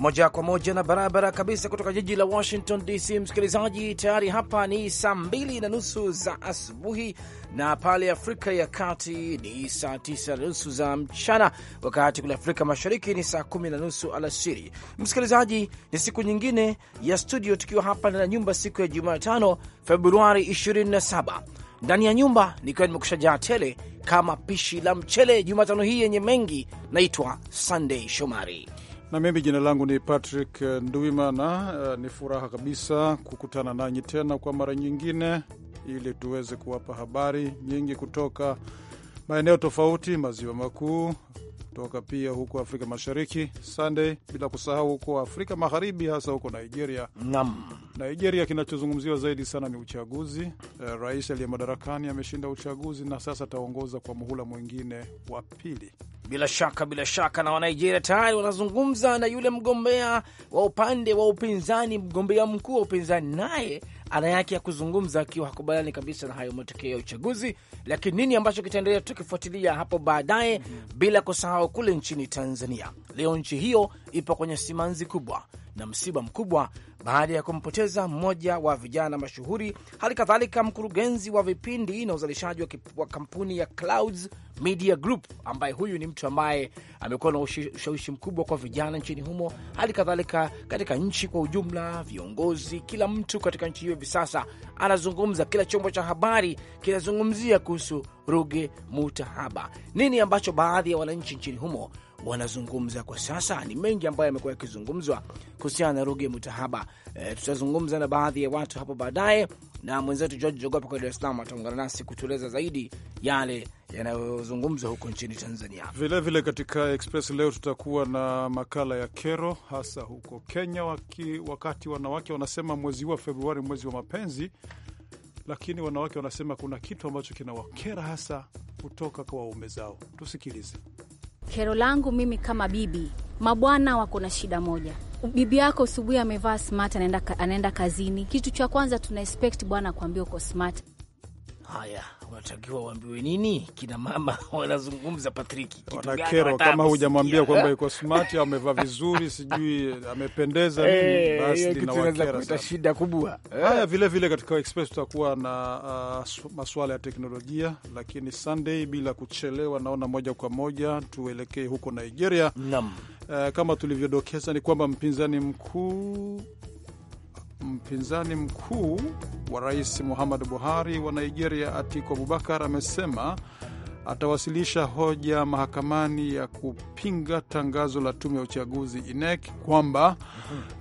moja kwa moja na barabara kabisa kutoka jiji la Washington DC. Msikilizaji, tayari hapa ni saa mbili na nusu za asubuhi na pale Afrika ya Kati ni saa tisa na nusu za mchana, wakati kule Afrika Mashariki ni saa kumi na nusu alasiri. Msikilizaji, ni siku nyingine ya studio tukiwa hapa na nyumba, siku ya Jumatano Februari 27 ndani ya nyumba nikiwa nimekushajaa tele kama pishi la mchele. Jumatano hii yenye mengi, naitwa Sunday Shomari na mimi jina langu ni Patrick Nduimana. Eh, ni furaha kabisa kukutana nanyi tena kwa mara nyingine, ili tuweze kuwapa habari nyingi kutoka maeneo tofauti maziwa makuu toka pia huko Afrika Mashariki Sunday, bila kusahau huko Afrika Magharibi, hasa huko Nigeria. Naam, Nigeria kinachozungumziwa zaidi sana ni uchaguzi. Eh, rais aliye madarakani ameshinda uchaguzi na sasa ataongoza kwa muhula mwingine wa pili. Bila shaka, bila shaka, na Wanigeria tayari wanazungumza na yule mgombea wa upande wa upinzani, mgombea mkuu wa upinzani, naye ana yake ya kuzungumza, akiwa hakubaliani kabisa na hayo matokeo ya uchaguzi, lakini nini ambacho kitaendelea tukifuatilia hapo baadaye mm -hmm. Bila kusahau kule nchini Tanzania, leo nchi hiyo ipo kwenye simanzi kubwa na msiba mkubwa baada ya kumpoteza mmoja wa vijana mashuhuri, hali kadhalika mkurugenzi wa vipindi na uzalishaji wa kampuni ya Clouds Media Group, ambaye huyu ni mtu ambaye amekuwa na ushawishi mkubwa kwa vijana nchini humo, hali kadhalika katika nchi kwa ujumla. Viongozi, kila mtu katika nchi hiyo hivi sasa anazungumza, kila chombo cha habari kinazungumzia kuhusu Ruge Mutahaba. Nini ambacho baadhi ya wananchi nchini humo wanazungumza kwa sasa. Ni mengi ambayo yamekuwa yakizungumzwa kuhusiana na Ruge Mutahaba. E, tutazungumza na baadhi ya watu hapo baadaye, na mwenzetu George Jogopa kwa Dar es Salaam ataungana nasi kutueleza zaidi yale yanayozungumzwa huko nchini Tanzania. Vilevile vile katika Express leo tutakuwa na makala ya kero, hasa huko Kenya waki, wakati wanawake wanasema mwezi huu wa Februari mwezi wa mapenzi, lakini wanawake wanasema kuna kitu ambacho kinawakera hasa kutoka kwa waume zao. Tusikilize. Kero langu mimi kama bibi, mabwana wako na shida moja bibi yako asubuhi amevaa smart, anaenda, anaenda kazini. Kitu cha kwanza tuna expect bwana kuambia uko smart. Haya, unatakiwa uambiwe nini? Kina mama wanazungumza, Patriki, wanakerwa kama hujamwambia kwamba yuko smart amevaa vizuri, sijui amependeza eh, nini, basi linawakera kuleta shida kubwa. Eh? Haya, vile vile katika Express tutakuwa na uh, masuala ya teknolojia, lakini Sunday, bila kuchelewa, naona moja kwa moja tuelekee huko Nigeria. Naam, uh, kama tulivyodokeza ni kwamba mpinzani mkuu Mpinzani mkuu wa rais Muhammadu Buhari wa Nigeria, Atiku Abubakar, amesema atawasilisha hoja mahakamani ya kupinga tangazo la tume ya uchaguzi INEC kwamba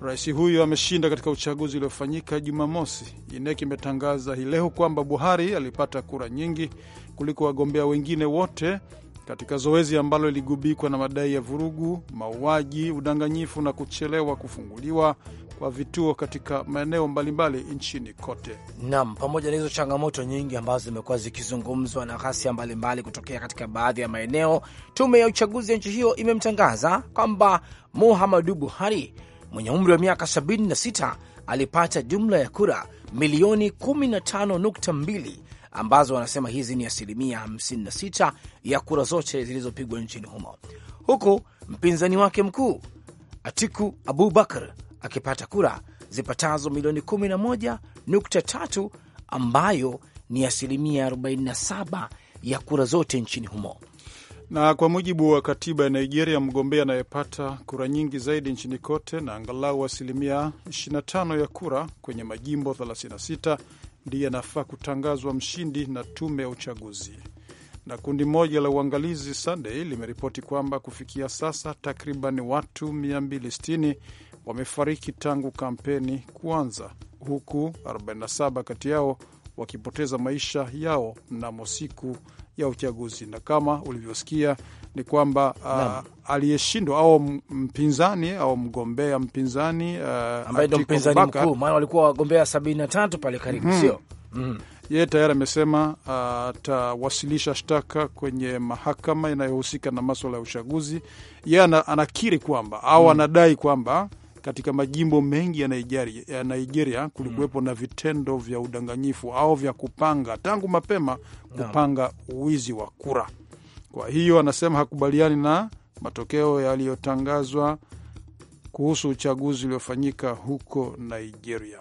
rais huyo ameshinda katika uchaguzi uliofanyika Jumamosi. INEC imetangaza hii leo kwamba Buhari alipata kura nyingi kuliko wagombea wengine wote katika zoezi ambalo iligubikwa na madai ya vurugu, mauaji, udanganyifu na kuchelewa kufunguliwa kwa vituo katika maeneo mbalimbali nchini kote. Naam, pamoja na hizo changamoto nyingi ambazo zimekuwa zikizungumzwa na ghasia mbalimbali kutokea katika baadhi ya maeneo, tume ya uchaguzi ya nchi hiyo imemtangaza kwamba Muhammadu Buhari mwenye umri wa miaka 76 alipata jumla ya kura milioni 15.2 ambazo wanasema hizi ni asilimia 56 ya kura zote zilizopigwa nchini humo, huku mpinzani wake mkuu Atiku Abubakar akipata kura zipatazo milioni 11.3 ambayo ni asilimia 47 ya kura zote nchini humo. Na kwa mujibu wa katiba ya Nigeria, mgombea anayepata kura nyingi zaidi nchini kote na angalau asilimia 25 ya kura kwenye majimbo 36 ndiye anafaa kutangazwa mshindi na tume ya uchaguzi. Na kundi moja la uangalizi Sunday limeripoti kwamba kufikia sasa takriban watu 260 wamefariki tangu kampeni kuanza, huku 47 kati yao wakipoteza maisha yao mnamo siku ya uchaguzi. Na kama ulivyosikia ni kwamba uh, aliyeshindwa au mpinzani au mgombea mpinzani uh, ambaye ndo mpinzani mkuu, maana walikuwa wagombea tatu pale karibu mm -hmm. sio mm -hmm. Yeye tayari amesema uh, atawasilisha uh, shtaka kwenye mahakama inayohusika na maswala ya uchaguzi. Yeye anakiri kwamba au mm. anadai kwamba katika majimbo mengi ya Nigeria, ya Nigeria kulikuwepo mm. na vitendo vya udanganyifu au vya kupanga tangu mapema kupanga uwizi wizi wa kura kwa hiyo anasema hakubaliani na matokeo yaliyotangazwa kuhusu uchaguzi uliofanyika huko Nigeria.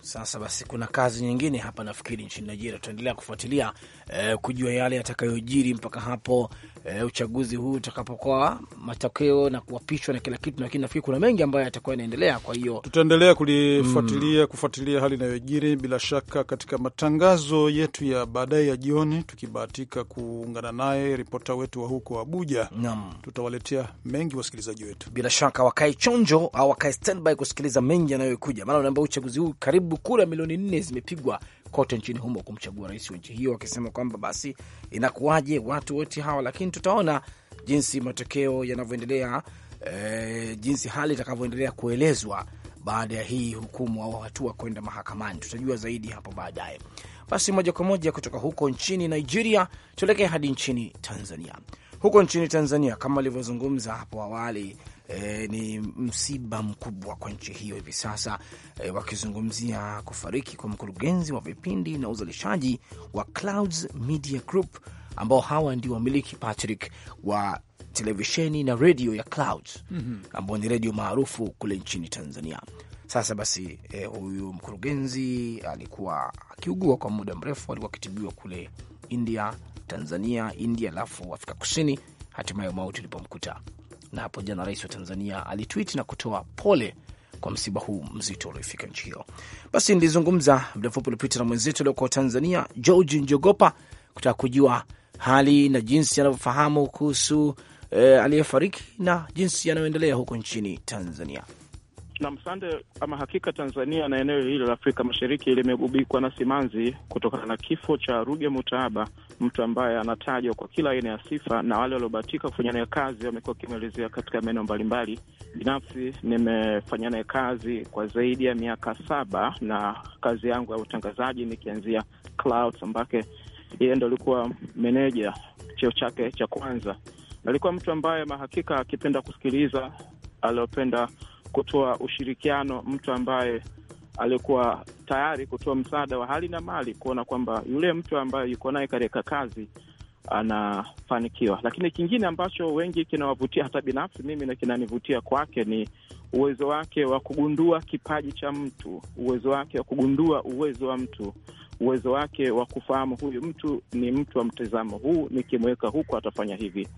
Sasa basi, kuna kazi nyingine hapa nafikiri nchini Nigeria, tutaendelea kufuatilia eh, kujua yale yatakayojiri mpaka hapo eh, uchaguzi huu utakapokuwa matokeo na kuapishwa na kila kitu, lakini nafikiri kuna mengi ambayo yatakuwa yanaendelea. Kwa hiyo tutaendelea kulifuatilia, mm, kufuatilia hali inayojiri bila shaka katika matangazo yetu ya baadaye ya jioni, tukibahatika kuungana naye ripota wetu wa huko Abuja. mm, tutawaletea mengi wasikilizaji wetu, bila shaka wakae chonjo au wakae standby kusikiliza mengi yanayokuja, maana unaambia uchaguzi huu karibu kura milioni nne zimepigwa kote nchini humo kumchagua rais wa nchi hiyo, wakisema kwamba basi inakuwaje watu wote hawa, lakini tutaona jinsi matokeo yanavyoendelea, e, jinsi hali itakavyoendelea kuelezwa baada ya hii hukumu au hatua kwenda mahakamani, tutajua zaidi hapo baadaye. Basi moja kwa moja kutoka huko nchini Nigeria tuelekee hadi nchini Tanzania. Huko nchini Tanzania, kama alivyozungumza hapo awali e, ni msiba mkubwa kwa nchi hiyo hivi sasa e, wakizungumzia kufariki kwa mkurugenzi wa vipindi na uzalishaji wa Clouds Media Group ambao hawa ndio wamiliki Patrick wa televisheni na redio ya Clouds mm -hmm. ambao ni redio maarufu kule nchini Tanzania. Sasa basi eh, huyu mkurugenzi alikuwa akiugua kwa muda mrefu, alikuwa akitibiwa kule India, Tanzania, India alafu Afrika Kusini, hatimaye mauti ulipomkuta na hapo jana rais wa Tanzania alitwit na kutoa pole kwa msiba huu mzito uliofika nchi hiyo. Basi nilizungumza muda mfupi uliopita na mwenzetu alioko Tanzania, George Njogopa, kutaka kujua hali na jinsi anavyofahamu kuhusu e, aliyefariki na jinsi yanayoendelea huko nchini Tanzania. Nam sande. Ama hakika, Tanzania na eneo hili la Afrika Mashariki limegubikwa na simanzi kutokana na kifo cha Ruge Mutaaba, mtu ambaye anatajwa kwa kila aina ya sifa, na wale waliobahatika kufanya naye kazi wamekuwa wakimwelezea katika maeneo mbalimbali. Binafsi nimefanya naye kazi kwa zaidi ya miaka saba, na kazi yangu ya utangazaji nikianzia Clouds ambake yeye ndo alikuwa meneja, cheo chake cha kwanza. Alikuwa mtu ambaye mahakika akipenda kusikiliza, aliopenda kutoa ushirikiano, mtu ambaye alikuwa tayari kutoa msaada wa hali na mali kuona kwamba yule mtu ambaye yuko naye katika kazi anafanikiwa. Lakini kingine ambacho wengi kinawavutia, hata binafsi mimi na kinanivutia kwake, ni uwezo wake wa kugundua kipaji cha mtu, uwezo wake wa kugundua uwezo wa mtu, uwezo wake wa kufahamu huyu mtu ni mtu wa mtazamo huu, nikimweka huku atafanya hivi.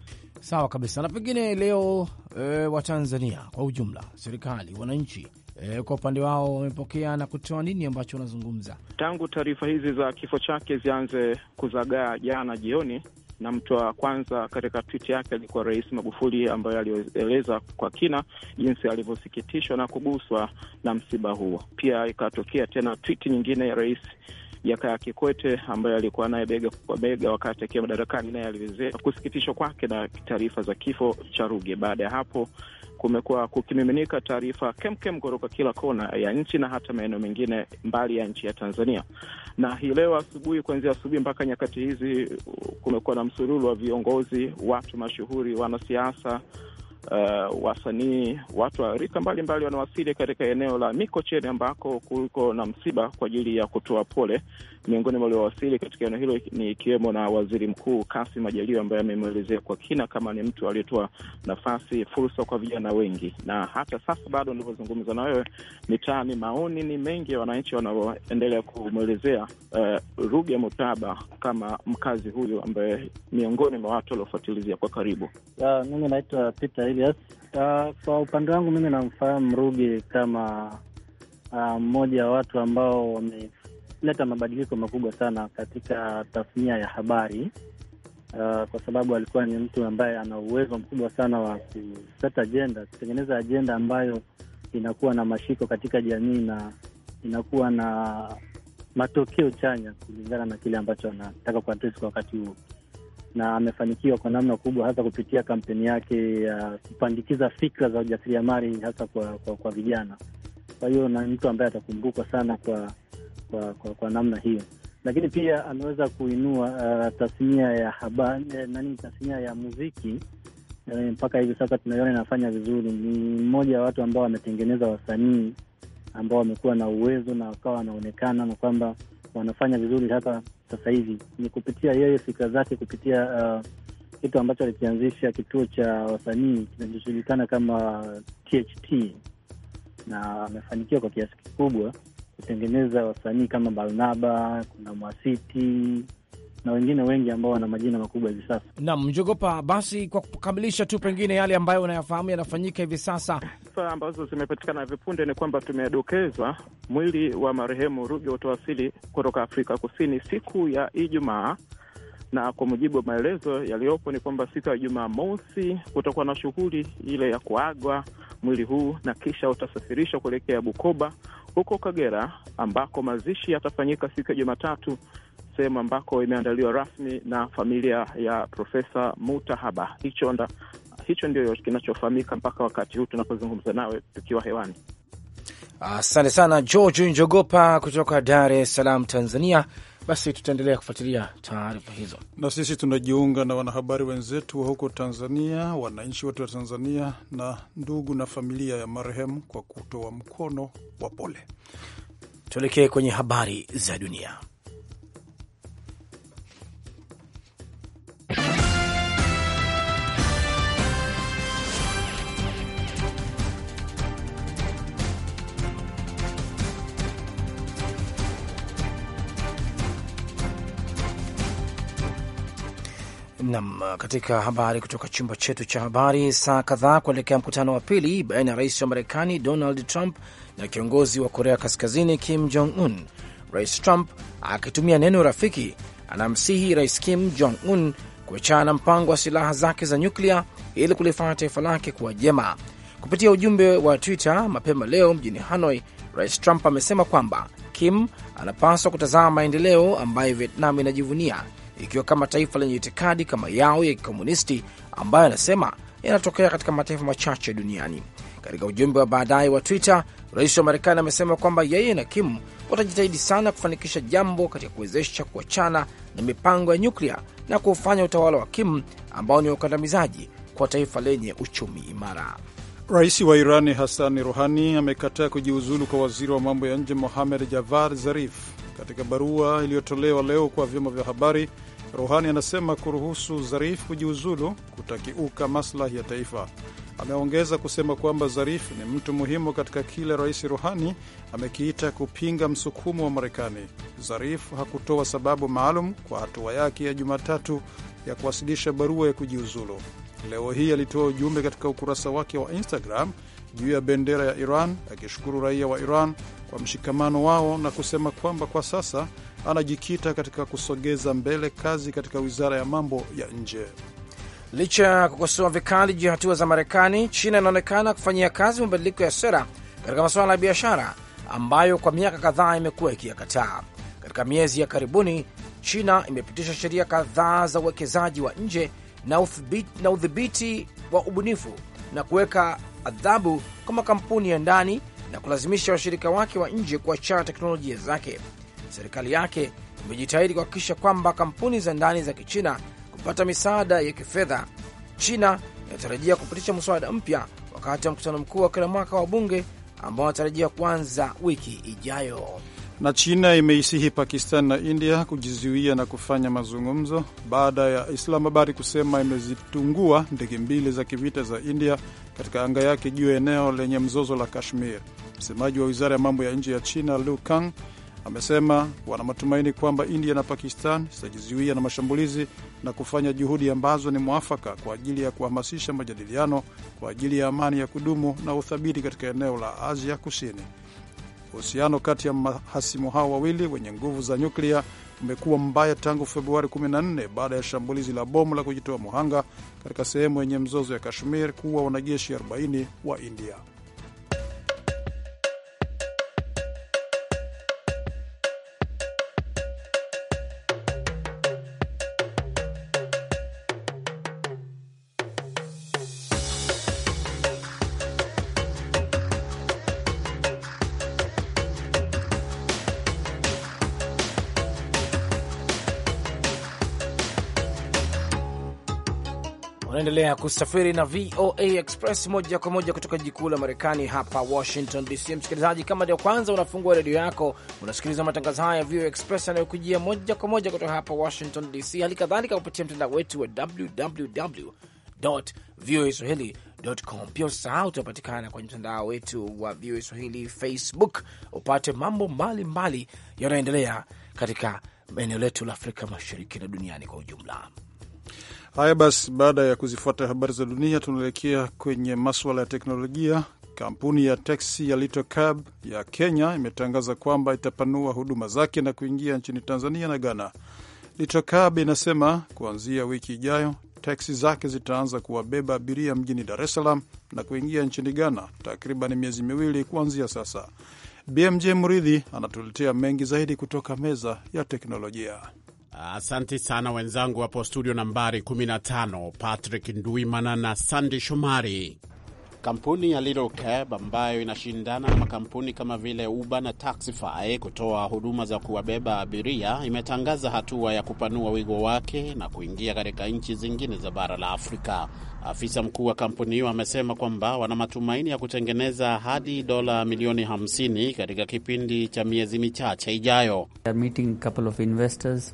Sawa kabisa. Na pengine leo e, eh, Watanzania kwa ujumla, serikali, wananchi E, kwa upande wao wamepokea na kutoa nini ambacho wanazungumza tangu taarifa hizi za kifo chake zianze kuzagaa jana jioni? Na mtu wa kwanza katika twiti yake alikuwa Rais Magufuli, ambaye alieleza kwa kina jinsi alivyosikitishwa na kuguswa na msiba huo. Pia ikatokea tena twiti nyingine ya Rais Jakaya Kikwete ambaye alikuwa naye bega kwa bega wakati akiwa madarakani, naye alielezea kusikitishwa kwake na taarifa za kifo cha Ruge. Baada ya hapo kumekuwa kukimiminika taarifa kemkem kutoka kila kona ya nchi na hata maeneo mengine mbali ya nchi ya Tanzania. Na hii leo asubuhi, kuanzia asubuhi mpaka nyakati hizi, kumekuwa na msururu wa viongozi, watu mashuhuri, wanasiasa Uh, wasanii, watu wa rika mbalimbali wanawasili katika eneo la Mikocheni ambako kuliko na msiba kwa ajili ya kutoa pole Miongoni mwa waliowasili katika eneo hilo ni ikiwemo na waziri mkuu Kassim Majaliwa ambaye amemwelezea kwa kina kama ni mtu aliyetoa nafasi, fursa kwa vijana wengi, na hata sasa bado nilivyozungumza na wewe, mitaani maoni ni mengi ya wananchi wanaoendelea kumwelezea uh, Ruge Mutaba kama mkazi huyu ambaye miongoni mwa watu waliofuatilizia kwa karibu. Uh, mimi naitwa Peter Elias. Uh, kwa upande wangu mimi namfahamu Ruge kama ah, mmoja uh, wa watu ambao wame kuleta mabadiliko makubwa sana katika tasnia ya habari uh, kwa sababu alikuwa ni mtu ambaye ana uwezo mkubwa sana wa kuseta ajenda, kutengeneza ajenda ambayo inakuwa na mashiko katika jamii na inakuwa na matokeo chanya kulingana na kile ambacho anataka kuaddress kwa wakati huo, na amefanikiwa kwa namna kubwa, hasa kupitia kampeni yake ya uh, kupandikiza fikra za ujasiriamali hasa kwa, kwa, kwa vijana. Kwa hiyo na mtu ambaye atakumbukwa sana kwa kwa, kwa, kwa namna hiyo, lakini pia ameweza kuinua uh, tasnia ya habari eh, nani, tasnia ya muziki eh, mpaka hivi sasa tunaiona inafanya vizuri. Ni mmoja wa watu ambao wametengeneza wasanii ambao wamekuwa na uwezo na wakawa wanaonekana na kwamba wanafanya vizuri hata sasa hivi, ni kupitia yeye fikra zake, kupitia uh, kitu ambacho alikianzisha kituo cha wasanii kinachojulikana kama THT na amefanikiwa kwa kiasi kikubwa kutengeneza wasanii kama Barnaba, kuna Mwasiti na wengine wengi ambao wana majina makubwa hivi sasa. Naam, Njogopa, basi kwa kukamilisha tu pengine yale ambayo unayafahamu yanafanyika hivi sasa, saa ambazo zimepatikana hivi punde ni kwamba tumedokezwa mwili wa marehemu Ruge utawasili kutoka Afrika Kusini siku ya Ijumaa, na kwa mujibu wa maelezo yaliyopo ni kwamba siku ya Ijumaa mosi kutakuwa na shughuli ile ya kuagwa mwili huu na kisha utasafirishwa kuelekea Bukoba huko Kagera ambako mazishi yatafanyika siku ya Jumatatu, sehemu ambako imeandaliwa rasmi na familia ya Profesa Mutahaba. Hicho, hicho ndio kinachofahamika mpaka wakati huu tunapozungumza nawe tukiwa hewani. Asante sana George Njogopa kutoka Dar es Salaam, Tanzania basi tutaendelea kufuatilia taarifa hizo, na sisi tunajiunga na wanahabari wenzetu wa huko Tanzania, wananchi wote wa Tanzania na ndugu na familia ya marehemu kwa kutoa mkono wa pole. Tuelekee kwenye habari za dunia. Nam, katika habari kutoka chumba chetu cha habari, saa kadhaa kuelekea mkutano wa pili baina ya rais wa Marekani Donald Trump na kiongozi wa Korea Kaskazini Kim Jong Un, Rais Trump akitumia neno rafiki anamsihi Rais Kim Jong Un kuachana na mpango wa silaha zake za nyuklia ili kulifanya taifa lake kuwa jema. Kupitia ujumbe wa Twitter mapema leo mjini Hanoi, Rais Trump amesema kwamba Kim anapaswa kutazama maendeleo ambayo Vietnam inajivunia ikiwa kama taifa lenye itikadi kama yao ya kikomunisti ambayo anasema yanatokea katika mataifa machache duniani. Katika ujumbe wa baadaye wa Twitter, rais wa Marekani amesema kwamba yeye na Kim watajitahidi sana kufanikisha jambo katika kuwezesha kuachana na mipango ya nyuklia na kuufanya utawala wa Kim ambao ni wa ukandamizaji kwa taifa lenye uchumi imara. Rais wa Irani Hasani Rohani amekataa kujiuzulu kwa waziri wa mambo ya nje Mohamed Javad Zarif katika barua iliyotolewa leo kwa vyombo vya habari, Rohani anasema kuruhusu Zarif kujiuzulu kutakiuka maslahi ya taifa. Ameongeza kusema kwamba Zarif ni mtu muhimu katika kile Rais Rohani amekiita kupinga msukumo wa Marekani. Zarif hakutoa sababu maalum kwa hatua yake ya Jumatatu ya kuwasilisha barua ya kujiuzulu. Leo hii alitoa ujumbe katika ukurasa wake wa Instagram juu ya bendera ya Iran akishukuru raia wa Iran kwa mshikamano wao na kusema kwamba kwa sasa anajikita katika kusogeza mbele kazi katika wizara ya mambo ya nje. Licha ya kukosoa vikali juu ya hatua za Marekani, China inaonekana kufanyia kazi mabadiliko ya sera katika masuala ya biashara ambayo kwa miaka kadhaa imekuwa ikiyakataa. Katika miezi ya karibuni, China imepitisha sheria kadhaa za uwekezaji wa nje na udhibiti wa ubunifu na kuweka adhabu kwa makampuni ya ndani na kulazimisha washirika wake wa nje kuachana teknolojia zake. Serikali yake imejitahidi kuhakikisha kwamba kampuni za ndani za Kichina kupata misaada ya kifedha. China inatarajia kupitisha mswada mpya wakati wa mkutano mkuu wa kila mwaka wa bunge ambao wanatarajia kuanza wiki ijayo. Na China imeisihi Pakistan na India kujizuia na kufanya mazungumzo baada ya Islamabad kusema imezitungua ndege mbili za kivita za India katika anga yake juu ya eneo lenye mzozo la Kashmir. Msemaji wa wizara ya mambo ya nje ya China Lu Kang amesema wana matumaini kwamba India na Pakistan zitajizuia na mashambulizi na kufanya juhudi ambazo ni mwafaka kwa ajili ya kuhamasisha majadiliano kwa ajili ya amani ya kudumu na uthabiti katika eneo la Asia Kusini. Uhusiano kati ya mahasimu hao wawili wenye nguvu za nyuklia umekuwa mbaya tangu Februari 14 baada ya shambulizi la bomu la kujitoa muhanga katika sehemu yenye mzozo ya Kashmir kuwa wanajeshi 40 wa India. ya kusafiri na VOA Express moja kwa moja kutoka jiji kuu la Marekani hapa Washington DC. Msikilizaji, kama ndio kwanza unafungua redio yako, unasikiliza matangazo haya ya VOA Express yanayokujia moja kwa moja kutoka hapa Washington DC, hali kadhalika kupitia mtandao wetu wa www voa swahili.com. Pia usisahau tunapatikana kwenye mtandao wetu wa VOA Swahili Facebook, upate mambo mbalimbali yanayoendelea katika eneo letu la Afrika Mashariki na duniani kwa ujumla. Haya basi, baada ya kuzifuata habari za dunia, tunaelekea kwenye maswala ya teknolojia. Kampuni ya teksi ya Little Cab ya Kenya imetangaza kwamba itapanua huduma zake na kuingia nchini Tanzania na Ghana. Little Cab inasema kuanzia wiki ijayo teksi zake zitaanza kuwabeba abiria mjini Dar es Salaam na kuingia nchini Ghana takriban miezi miwili kuanzia sasa. BMJ Muridhi anatuletea mengi zaidi kutoka meza ya teknolojia. Asante sana wenzangu hapo studio nambari 15, Patrick Ndwimana na Sandi Shomari. Kampuni ya Little Cab ambayo inashindana na makampuni kama vile Uber na Taxify kutoa huduma za kuwabeba abiria imetangaza hatua ya kupanua wigo wake na kuingia katika nchi zingine za bara la Afrika. Afisa mkuu wa kampuni hiyo amesema kwamba wana matumaini ya kutengeneza hadi dola milioni 50 katika kipindi cha miezi michache ijayo.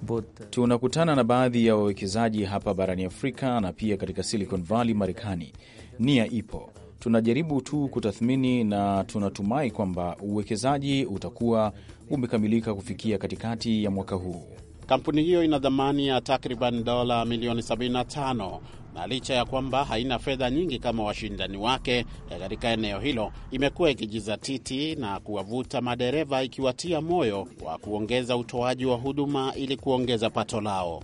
Uh, Tunakutana na baadhi ya wawekezaji hapa barani Afrika na pia katika Silicon Valley Marekani. Nia ipo tunajaribu tu kutathmini na tunatumai kwamba uwekezaji utakuwa umekamilika kufikia katikati ya mwaka huu. Kampuni hiyo ina dhamani ya takriban dola milioni 75 na licha ya kwamba haina fedha nyingi kama washindani wake eh, katika eneo hilo, imekuwa ikijizatiti na kuwavuta madereva ikiwatia moyo wa kuongeza utoaji wa huduma ili kuongeza pato lao.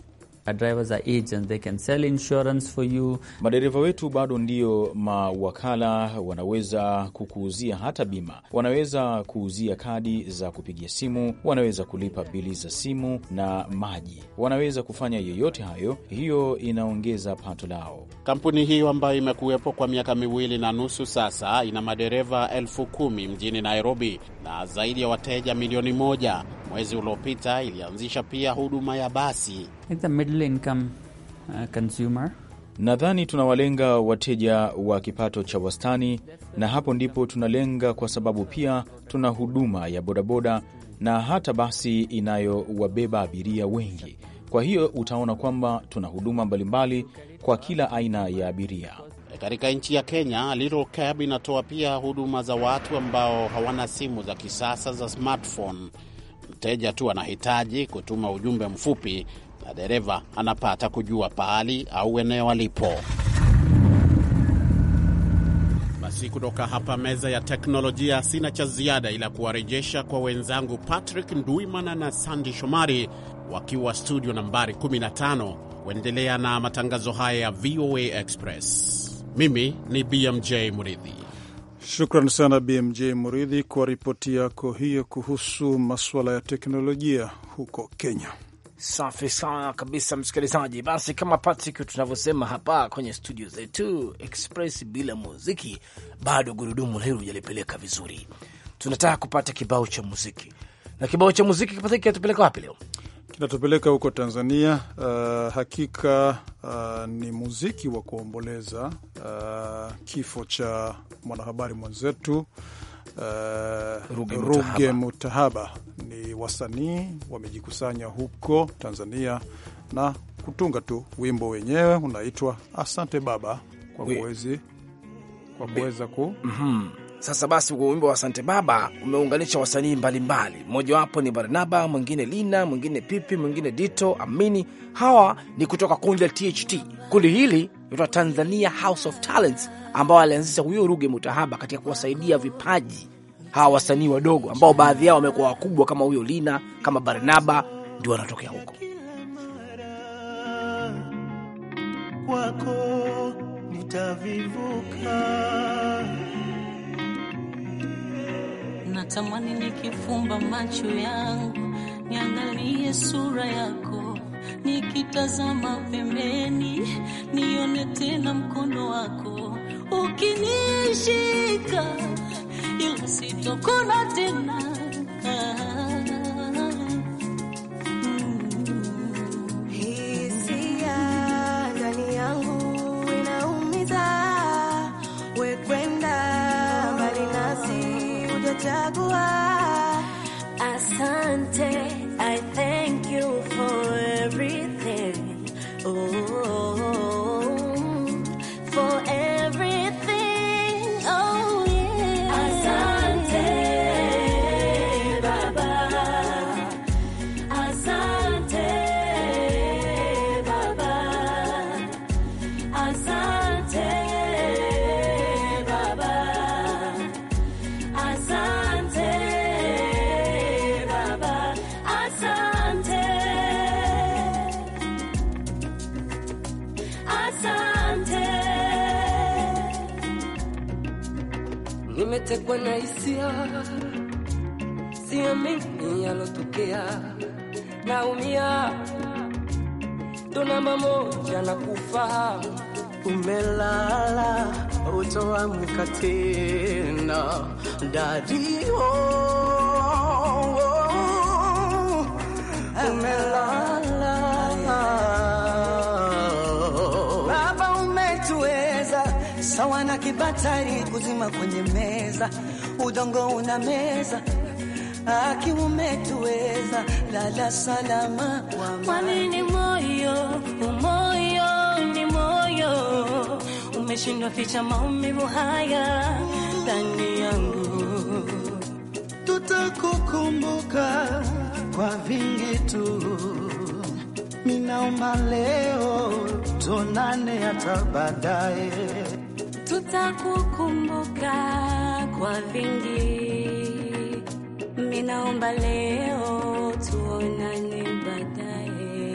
Drivers are agents, they can sell insurance for you. Madereva wetu bado ndio mawakala, wanaweza kukuuzia hata bima, wanaweza kuuzia kadi za kupigia simu, wanaweza kulipa bili za simu na maji, wanaweza kufanya yoyote hayo. Hiyo inaongeza pato lao. Kampuni hiyo ambayo imekuwepo kwa miaka miwili na nusu sasa ina madereva elfu kumi mjini Nairobi na zaidi ya wateja milioni moja. Mwezi uliopita ilianzisha pia huduma ya basi. Uh, nadhani tunawalenga wateja wa kipato cha wastani, na hapo ndipo tunalenga, kwa sababu pia tuna huduma ya bodaboda na hata basi inayowabeba abiria wengi. Kwa hiyo utaona kwamba tuna huduma mbalimbali kwa kila aina ya abiria. Katika nchi ya Kenya, Little Cab inatoa pia huduma za watu ambao hawana simu za kisasa za smartphone Mteja tu anahitaji kutuma ujumbe mfupi na dereva anapata kujua pahali au eneo alipo. Basi kutoka hapa meza ya teknolojia, sina cha ziada ila kuwarejesha kwa wenzangu Patrick Ndwimana na Sandi Shomari wakiwa studio nambari 15 kuendelea na matangazo haya ya VOA Express. Mimi ni BMJ Muridhi. Shukran sana BMJ Muridhi kwa ripoti yako hiyo kuhusu masuala ya teknolojia huko Kenya. Safi sana kabisa, msikilizaji. Basi kama Patrick tunavyosema hapa kwenye studio zetu Express, bila muziki bado gurudumu la hili hujalipeleka vizuri. Tunataka kupata kibao cha muziki, na kibao cha muziki Patrick, kinatupeleka wapi leo? kinatupeleka huko Tanzania. Uh, hakika uh, ni muziki wa kuomboleza uh, kifo cha mwanahabari mwenzetu Uh, Ruge Mutahaba. Ruge Mutahaba ni wasanii wamejikusanya huko Tanzania na kutunga tu wimbo wenyewe unaitwa Asante Baba kwa kuweza ku mm -hmm. Sasa basi, kwa wimbo wa Asante Baba umeunganisha wasanii mbalimbali, mmojawapo ni Barnaba, mwingine Lina, mwingine Pipi, mwingine Dito, Amini. Hawa ni kutoka kundi la THT. Kundi hili linaitwa Tanzania House of Talents, ambao alianzisha huyo Ruge Mutahaba katika kuwasaidia vipaji hawa wasanii wadogo, ambao baadhi yao wamekuwa wakubwa kama huyo Lina, kama Barnaba, ndio wanatokea huko kwako nitavivuka natamani nikifumba macho yangu niangalie sura yako, nikitazama pembeni nione tena mkono wako ukinishika, ila sitokona tena nimetekwa na hisia, siamini yalotokea, naumia tuna mamoja na kufa. Umelala utoamka tena dadio, umelala kibatari kuzima kwenye meza, udongo una meza, akiumetuweza lala salama. Mwani ni moyo, umoyo ni moyo, umeshindwa ficha maumivu haya ndani yangu, tutakukumbuka kwa vingi tu. Minaomba leo tonane hata baadaye nitakukumbuka kwa vingi. Minaomba leo tuonane baadaye.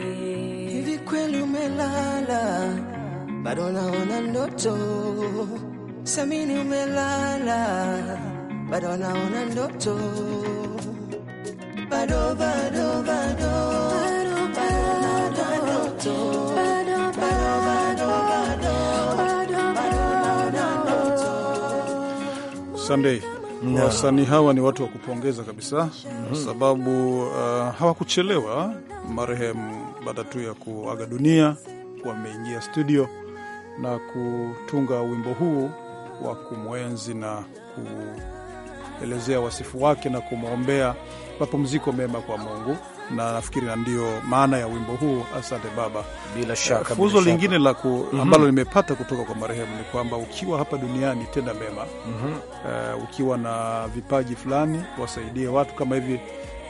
Hivi kweli umelala? Bado naona ndoto. Samini umelala? Bado naona ndoto. Bado bado bado Sunday. Yeah. Wasanii hawa ni watu wa kupongeza kabisa mm -hmm. sababu uh, hawakuchelewa marehemu, baada tu ya kuaga dunia, wameingia studio na kutunga wimbo huu wa kumwenzi na ku kuelezea wasifu wake na kumwombea mapumziko mema kwa Mungu, na nafikiri na ndio maana ya wimbo huu, asante Baba. Bila shaka eh, funzo lingine la ku, mm -hmm. ambalo nimepata kutoka kwa marehemu ni kwamba ukiwa hapa duniani tenda mema mm -hmm. uh, ukiwa na vipaji fulani wasaidie watu kama hivi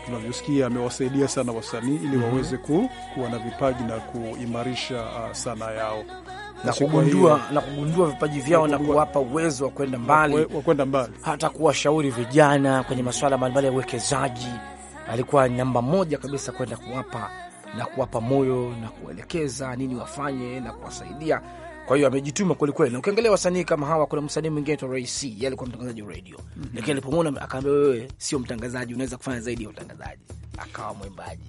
tunavyosikia amewasaidia sana wasanii ili mhm. waweze ku, kuwa na vipaji na kuimarisha uh, sanaa yao na kugundua, na kugundua vipaji vyao na kuwapa uwezo wa kwenda mbali, wa kwenda mbali, hata kuwashauri vijana kwenye masuala mbalimbali ya uwekezaji. Alikuwa namba moja kabisa kwenda kuwapa na kuwapa moyo na kuelekeza nini wafanye na kuwasaidia. Kwa hiyo amejituma kweli kweli, na ukiangalia wasanii kama hawa, kuna msanii mwingine tu Ray C, yeye alikuwa mtangazaji wa radio mm -hmm. Lakini alipomwona akaambia, wewe sio mtangazaji, unaweza kufanya zaidi ya utangazaji, akawa mwimbaji.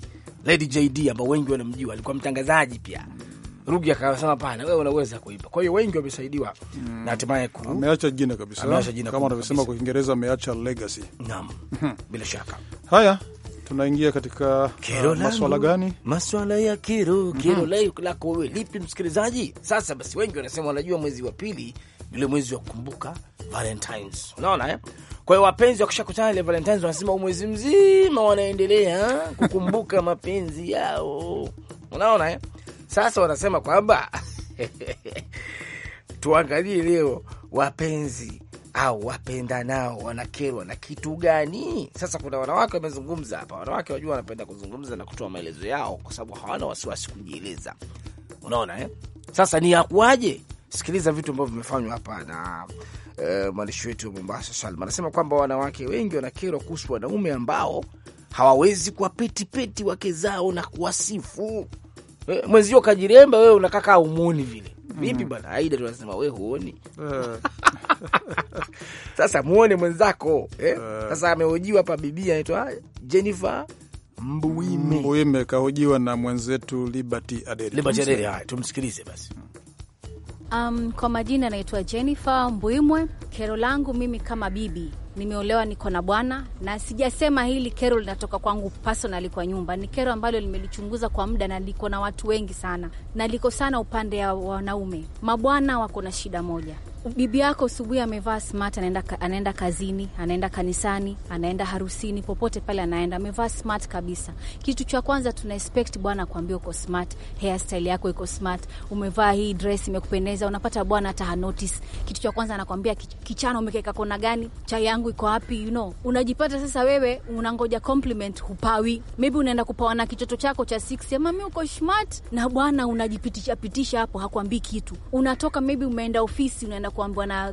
Lady JD ambao wengi wanamjua alikuwa mtangazaji pia mm -hmm. Rugi akasema pana, wewe unaweza kuipa. Kwa hiyo wengi wamesaidiwa mm. na hatimaye ku ameacha jina kabisa, ameacha jina kama wanavyosema kwa Kiingereza, ameacha legacy. Naam, hmm. bila shaka. Haya, tunaingia katika uh, maswala gani? Maswala ya kero, kero hmm. lako wewe lipi, msikilizaji? Sasa basi, wengi wanasema wanajua mwezi wa pili ndio mwezi wa kumbuka Valentines, unaona eh? Kwa hiyo wapenzi wakishakutana ile Valentines wanasema mwezi mzima wanaendelea kukumbuka mapenzi yao, unaona eh? Sasa wanasema kwamba tuangalie leo wapenzi au wapenda nao wanakerwa na kitu gani? Sasa kuna wanawake wamezungumza hapa. Wanawake wajua, wanapenda kuzungumza na kutoa maelezo yao, kwa sababu hawana wasiwasi kujieleza. Unaona eh? Sasa ni yakuwaje? Sikiliza vitu ambavyo vimefanywa hapa na eh, mwandishi wetu wa Mombasa Salma. Anasema kwamba wanawake wengi wanakerwa kuhusu wanaume ambao hawawezi kuwapetipeti wake zao na kuwasifu Eh, mwenzio kajiremba, wewe unakaa kaa vile vipi bwana Aida, tunasema we huoni eh. sasa muone mwenzako eh? eh? Sasa amehojiwa hapa, bibi anaitwa Jennifer Mbuime, Mbuime kahojiwa na mwenzetu Liberty Adede. Liberty Adede, haya tumsikilize basi. Um, kwa majina anaitwa Jennifer Mbuimwe. Kero langu mimi kama bibi nimeolewa, niko na bwana, na sijasema hili kero linatoka kwangu personally kwa nyumba. Ni kero ambalo nimelichunguza kwa muda, na liko na watu wengi sana, na liko sana upande ya wanaume. Mabwana wako na shida moja, bibi yako asubuhi amevaa smart, anaenda, anaenda kazini, anaenda kanisani, anaenda harusini, popote pale anaenda amevaa smart kabisa. Kitu cha kwanza tuna expect bwana kuambia uko smart, hairstyle yako iko smart, umevaa hii dress imekupendeza. Unapata bwana hata hanotice. Kitu cha kwanza anakuambia kichana umekeka kona gani, chai yangu iko wapi? You know, unajipata sasa wewe unangoja compliment, hupawi. Maybe unaenda kupawa na kichoto chako cha six, ya mami uko smart, na bwana unajipitisha pitisha hapo, hakuambii kitu. Unatoka maybe umeenda ofisi, unaenda kwa kuambiwa na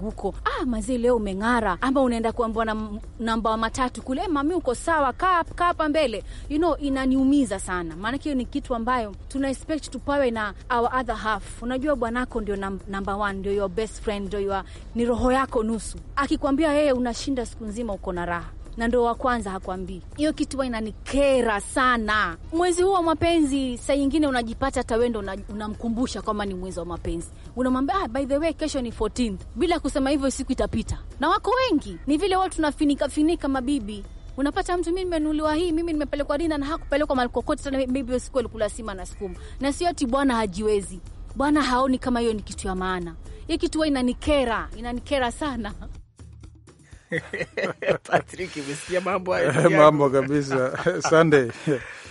huko, ah, mazi leo umeng'ara, ama unaenda kuambiwa na namba wa matatu kule, eh, mami uko sawa, kaa hapa mbele, you know, inaniumiza sana, maanake hiyo ni kitu ambayo tuna expect tupawe na our other half. Unajua bwanako ndio namba one, ndio your best friend, ndio your, ni roho yako nusu. Akikwambia yeye, unashinda siku nzima uko na raha na ndo wa kwanza hakuambii. Hiyo kitu huwa inanikera sana. Mwezi huu wa mapenzi, saa nyingine unajipata hata wendo ndo unamkumbusha kwamba ni mwezi wa mapenzi, unamwambia ah, by the way kesho ni 14th. Bila kusema hivyo siku itapita, na wako wengi. Ni vile watu tunafinika finika mabibi Unapata mtu mimi nimenuliwa hii, mimi nimepelekwa Dina na hakupelekwa kokote tena. Maybe siku alikula sima na sukuma, na sio ati bwana hajiwezi, bwana haoni kama hiyo ni kitu ya maana. Hii kitu huwa inanikera, inanikera sana. Patrick, umesikia mambo hayo? Eh, mambo kabisa. Sunday.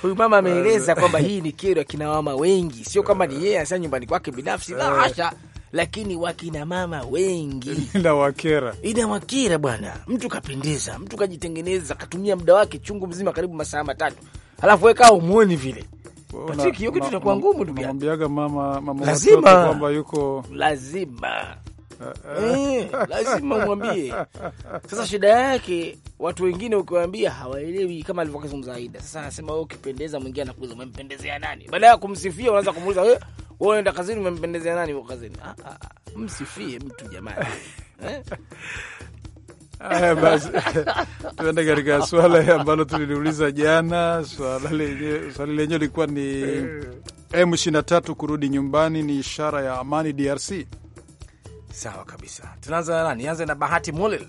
Huyu mama ameeleza eh, eh. kwamba hii ni kero ya kina mama wengi, sio kama ni yeye asa nyumbani kwake binafsi, la hasha, lakini wakina mama wengi inawakera, inawakera bwana. Mtu kapendeza, mtu kajitengeneza, katumia muda wake chungu mzima, karibu masaa matatu, halafu wekaa umwoni vile Patrick, hiyo kitu inakuwa ngumu ndugu mama mama lazima kwamba yuko lazima Eh, eh. eh, lazima mwambie. Sasa shida yake watu wengine ukiwaambia hawaelewi, kama alivyokazungumza Aida. Sasa anasema wewe oh, ukipendeza mwingine anakuuliza umempendezea nani? Baada ya kumsifia unaanza kumuuliza wewe, eh, wewe unaenda kazini umempendezea nani uko kazini? Ah, ah, ah, msifie mtu jamani eh? Haya basi, tuende katika swala ambalo tuliliuliza jana. Swali lenyewe lilikuwa ni M23 kurudi nyumbani ni ishara ya amani DRC. Sawa kabisa, tunaanza na nani? Nianze na Bahati Molel,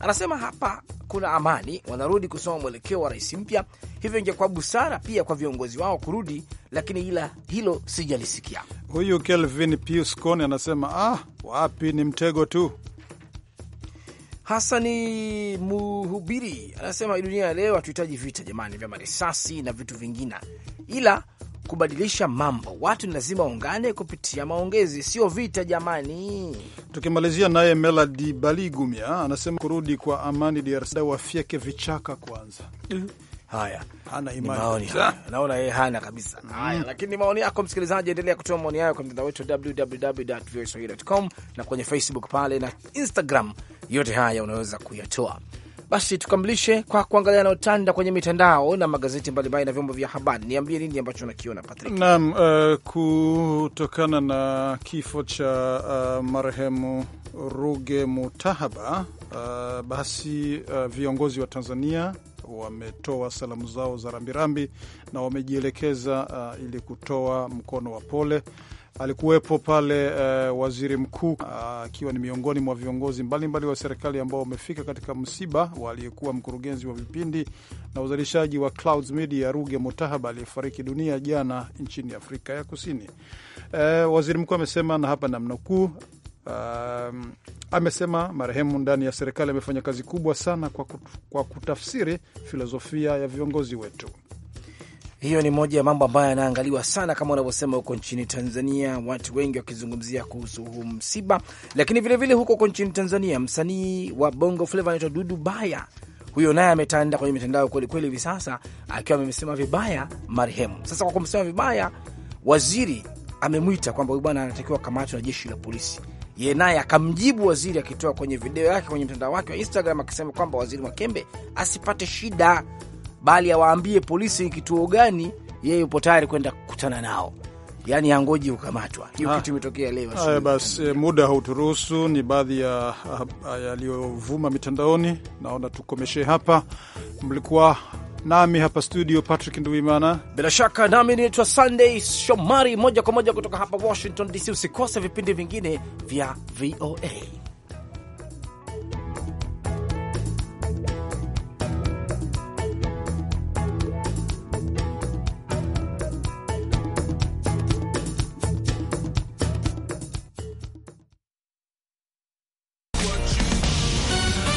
anasema hapa kuna amani, wanarudi kusoma mwelekeo wa rais mpya, hivyo ingekuwa busara pia kwa viongozi wao kurudi, lakini ila hilo sijalisikia. Huyu Kelvin Pius Kone anasema ah, wapi, ni mtego tu. Hasani Muhubiri anasema dunia ya leo hatuhitaji vita jamani, vya marisasi na vitu vingine, ila kubadilisha mambo, watu ni lazima waungane kupitia maongezi, sio vita jamani. Tukimalizia naye Meladi Baligumia anasema kurudi kwa amani DRC wafyeke vichaka kwanza. mm. Haya, hana imani, naona yeye hana kabisa. mm. Haya, lakini maoni yako msikilizaji, endelea kutoa maoni yayo kwa mtandao wetu www.voaswahili.com na kwenye Facebook pale na Instagram, yote haya unaweza kuyatoa. Basi tukamilishe kwa kuangalia yanayotanda kwenye mitandao na magazeti mbalimbali na vyombo vya habari. Niambie nini ambacho unakiona Patrick. Naam, uh, kutokana na kifo cha uh, marehemu Ruge Mutahaba uh, basi uh, viongozi wa Tanzania wametoa salamu zao za rambirambi na wamejielekeza uh, ili kutoa mkono wa pole alikuwepo pale uh, waziri mkuu ah, akiwa uh, ni miongoni mwa viongozi mbalimbali wa serikali ambao wamefika katika msiba wa aliyekuwa mkurugenzi wa vipindi na uzalishaji wa Clouds Media Ruge Mutahaba aliyefariki dunia jana nchini Afrika ya Kusini. Uh, waziri mkuu amesema, na hapa namnukuu, uh, amesema marehemu ndani ya serikali amefanya kazi kubwa sana kwa, kut, kwa kutafsiri filosofia ya viongozi wetu. Hiyo ni moja ya mambo ambayo yanaangaliwa sana kama unavyosema huko nchini Tanzania, watu wengi wakizungumzia kuhusu huu msiba. Lakini vilevile vile huko huko nchini Tanzania, msanii wa bongo flava anaitwa Dudu Baya, huyo naye ametanda kwenye mitandao kwelikweli hivi sasa, akiwa amemsema vibaya marehemu. Sasa kwa kumsema vibaya, waziri amemwita kwamba huyu bwana anatakiwa kamatwa na jeshi la polisi. Ye naye akamjibu waziri akitoa kwenye video yake kwenye mtandao wake wa Instagram akisema kwamba Waziri Mwakembe asipate shida bali awaambie polisi kituo gani yeye yupo tayari kwenda kukutana nao. Yani angoji ukamatwa. Hiyo ah. kitu imetokea leo. Basi eh, muda hauturuhusu, ni baadhi ya ah, yaliyovuma mitandaoni. Naona tukomeshe hapa. Mlikuwa nami hapa studio Patrick Nduimana, bila shaka nami naitwa Sunday Shomari, moja kwa moja kutoka hapa Washington DC. Usikose vipindi vingine vya VOA.